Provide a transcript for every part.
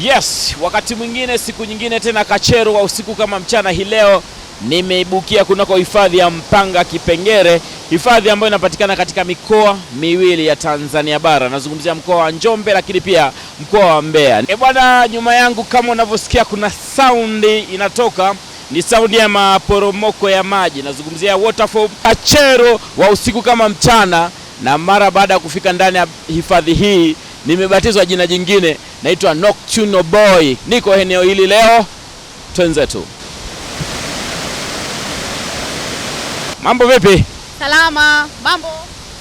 Yes, wakati mwingine, siku nyingine tena, Kachero wa usiku kama mchana. Hii leo nimeibukia kunako hifadhi ya Mpanga Kipengere, hifadhi ambayo inapatikana katika mikoa miwili ya Tanzania Bara. Nazungumzia mkoa wa Njombe, lakini pia mkoa wa Mbeya. E bwana, nyuma yangu kama unavyosikia kuna saundi inatoka ni saundi ya maporomoko ya maji, nazungumzia waterfall. Kachero wa usiku kama mchana, na mara baada ya kufika ndani ya hifadhi hii nimebatizwa jina jingine naitwa Noctuno Boy, niko eneo hili leo, twenzetu. Mambo vipi? Salama. Mambo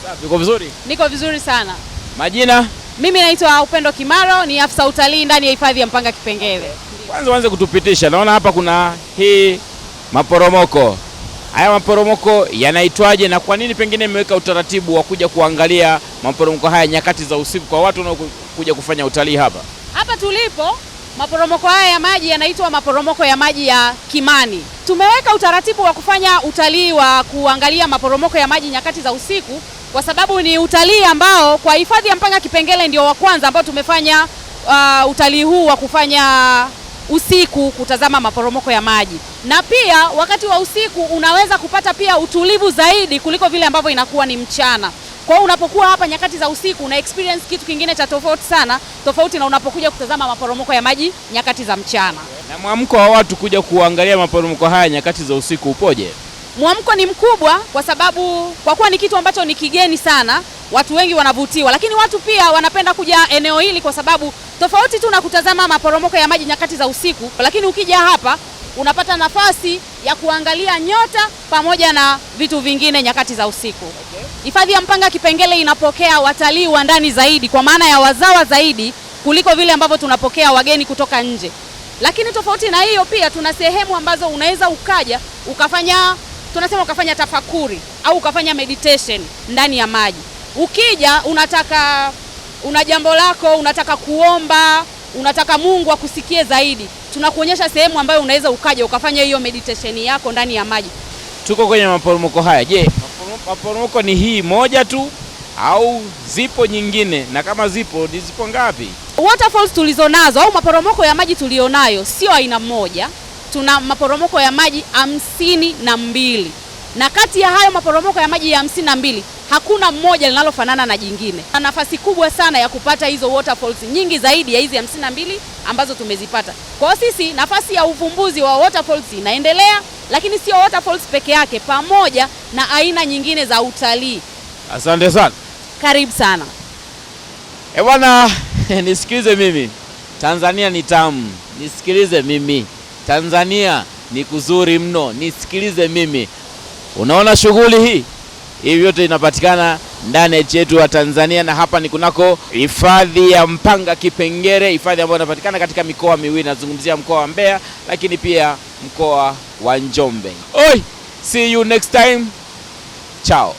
safi. Uko vizuri? Niko vizuri sana. Majina? Mimi naitwa Upendo Kimaro, ni afisa utalii ndani ya hifadhi ya Mpanga kipengele Kwanza uanze kutupitisha, naona hapa kuna hii maporomoko haya maporomoko yanaitwaje na kwa nini pengine imeweka utaratibu wa kuja kuangalia maporomoko haya nyakati za usiku kwa watu wanaokuja kufanya utalii hapa? Hapa tulipo maporomoko haya ya maji yanaitwa maporomoko ya maji ya Kimani. Tumeweka utaratibu wa kufanya utalii wa kuangalia maporomoko ya maji nyakati za usiku kwa sababu ni utalii ambao kwa hifadhi ya Mpanga Kipengele ndio wa kwanza ambao tumefanya uh, utalii huu wa kufanya usiku kutazama maporomoko ya maji, na pia wakati wa usiku unaweza kupata pia utulivu zaidi kuliko vile ambavyo inakuwa ni mchana. Kwa hiyo unapokuwa hapa nyakati za usiku una experience kitu kingine cha tofauti sana, tofauti na unapokuja kutazama maporomoko ya maji nyakati za mchana. Na mwamko wa watu kuja kuangalia maporomoko haya nyakati za usiku upoje? Mwamko ni mkubwa, kwa sababu kwa kuwa ni kitu ambacho ni kigeni sana watu wengi wanavutiwa, lakini watu pia wanapenda kuja eneo hili kwa sababu tofauti tu na kutazama maporomoko ya maji nyakati za usiku, lakini ukija hapa unapata nafasi ya kuangalia nyota pamoja na vitu vingine nyakati za usiku. Hifadhi okay, ya Mpanga Kipengele inapokea watalii wa ndani zaidi, kwa maana ya wazawa zaidi kuliko vile ambavyo tunapokea wageni kutoka nje. Lakini tofauti na hiyo, pia tuna sehemu ambazo unaweza ukaja ukafanya, tunasema ukafanya tafakuri au ukafanya meditation ndani ya maji. Ukija unataka una jambo lako, unataka kuomba, unataka Mungu akusikie zaidi, tunakuonyesha sehemu ambayo unaweza ukaja ukafanya hiyo meditation yako ndani ya maji. Tuko kwenye maporomoko haya. Je, maporomoko ni hii moja tu au zipo nyingine, na kama zipo ni zipo ngapi? Waterfalls tulizonazo au maporomoko ya maji tulionayo sio aina moja, tuna maporomoko ya maji hamsini na mbili na kati ya hayo maporomoko ya maji ya hamsini na mbili hakuna mmoja linalofanana na jingine, na nafasi kubwa sana ya kupata hizo waterfalls nyingi zaidi ya hizi hamsini na mbili ambazo tumezipata. Kwa hiyo sisi, nafasi ya uvumbuzi wa waterfalls inaendelea, lakini sio waterfalls peke yake, pamoja na aina nyingine za utalii. Asante sana, karibu sana. E bwana, nisikilize mimi, Tanzania ni tamu, nisikilize mimi, Tanzania ni kuzuri mno, nisikilize mimi. Unaona shughuli hii hivi vyote inapatikana ndani ya nchi yetu ya Tanzania, na hapa ni kunako hifadhi ya Mpanga Kipengere, hifadhi ambayo inapatikana katika mikoa miwili. Nazungumzia mkoa wa Mbeya, lakini pia mkoa wa Njombe. Oi, see you next time, chao.